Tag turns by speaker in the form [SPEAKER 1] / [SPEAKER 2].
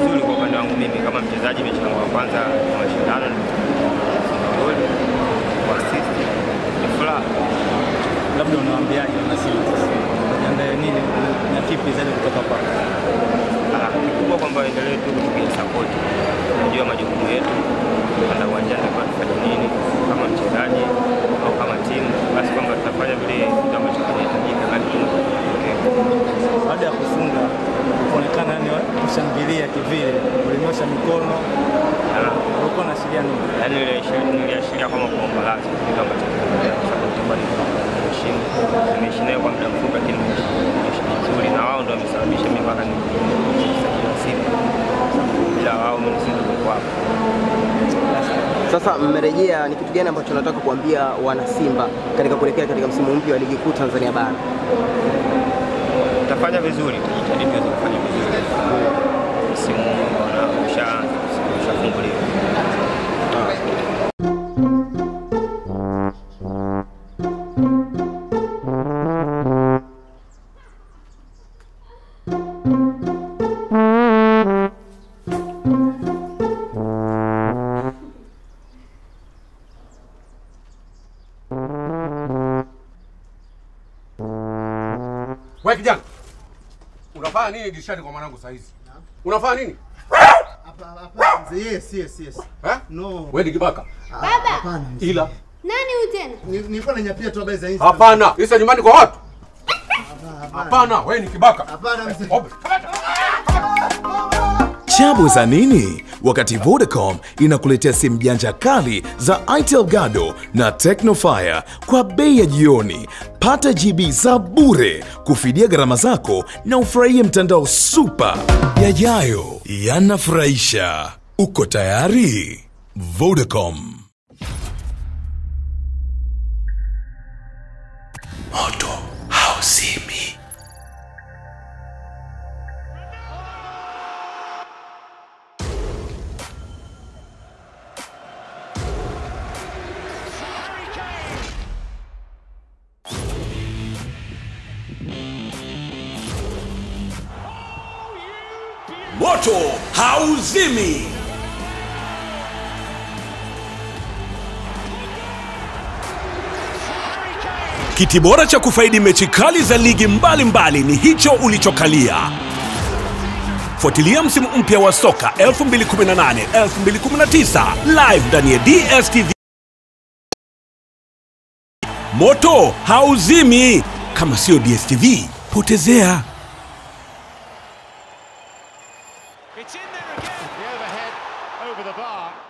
[SPEAKER 1] vizuri kwa upande wangu mimi kama mchezaji, mechi yangu ya kwanza ya mashindano goli kwa assist, ni furaha.
[SPEAKER 2] Labda unawaambiaje wanasimba wajiandae nini na kipi zaidi kutoka kwako?
[SPEAKER 1] Ah, kikubwa kwamba endelee tu kutupiga support, najua majukumu yetu, kwenda uwanjani kwa tufanye nini
[SPEAKER 2] kumshangilia kivile, ulinyosha mikono ulikuwa unaashiria nini?
[SPEAKER 1] Yaani niliashiria kwamba kitu ambacho kwa nimeishi nayo kwa muda mfupi, lakini nimeishi vizuri, na wao ndio wamesababisha mimi mpaka bila wao mimi nisingekuwa hapa.
[SPEAKER 3] Sasa mmerejea, ni kitu gani ambacho nataka kuambia wana Simba katika kuelekea katika msimu mpya wa ligi kuu Tanzania bara?
[SPEAKER 1] Tafanya vizuri, tujitahidi vizuri. utafunguliwa.
[SPEAKER 4] Wewe kijana, unafanya nini dirishani kwa mwanangu saa hizi? Unafanya nini?
[SPEAKER 5] hapana Yes, yes, yes. Eh? No.
[SPEAKER 4] Wewe ni kibaka? Ah,
[SPEAKER 6] Baba. Hapana. Ila nani huyu
[SPEAKER 5] tena? Nilikuwa nanyapia tu habari za Insta.
[SPEAKER 4] Hapana. Insta nyumbani kwa watu? Hapana, wewe ni kibaka.
[SPEAKER 5] Hapana mzee.
[SPEAKER 7] Chabu za nini? Wakati Vodacom inakuletea simu janja kali za Itel Gado na Technofire kwa bei ya jioni. Pata GB za bure kufidia gharama zako na ufurahie mtandao super yajayo yanafurahisha. Uko tayari? Vodacom.
[SPEAKER 8] moto hauzimi. Kiti bora cha kufaidi mechi kali za ligi mbalimbali mbali ni hicho ulichokalia. Fuatilia msimu mpya wa soka 2018 2019 live ndani ya DStv. Moto hauzimi. Kama sio DStv, potezea. It's in there again. The overhead over the bar.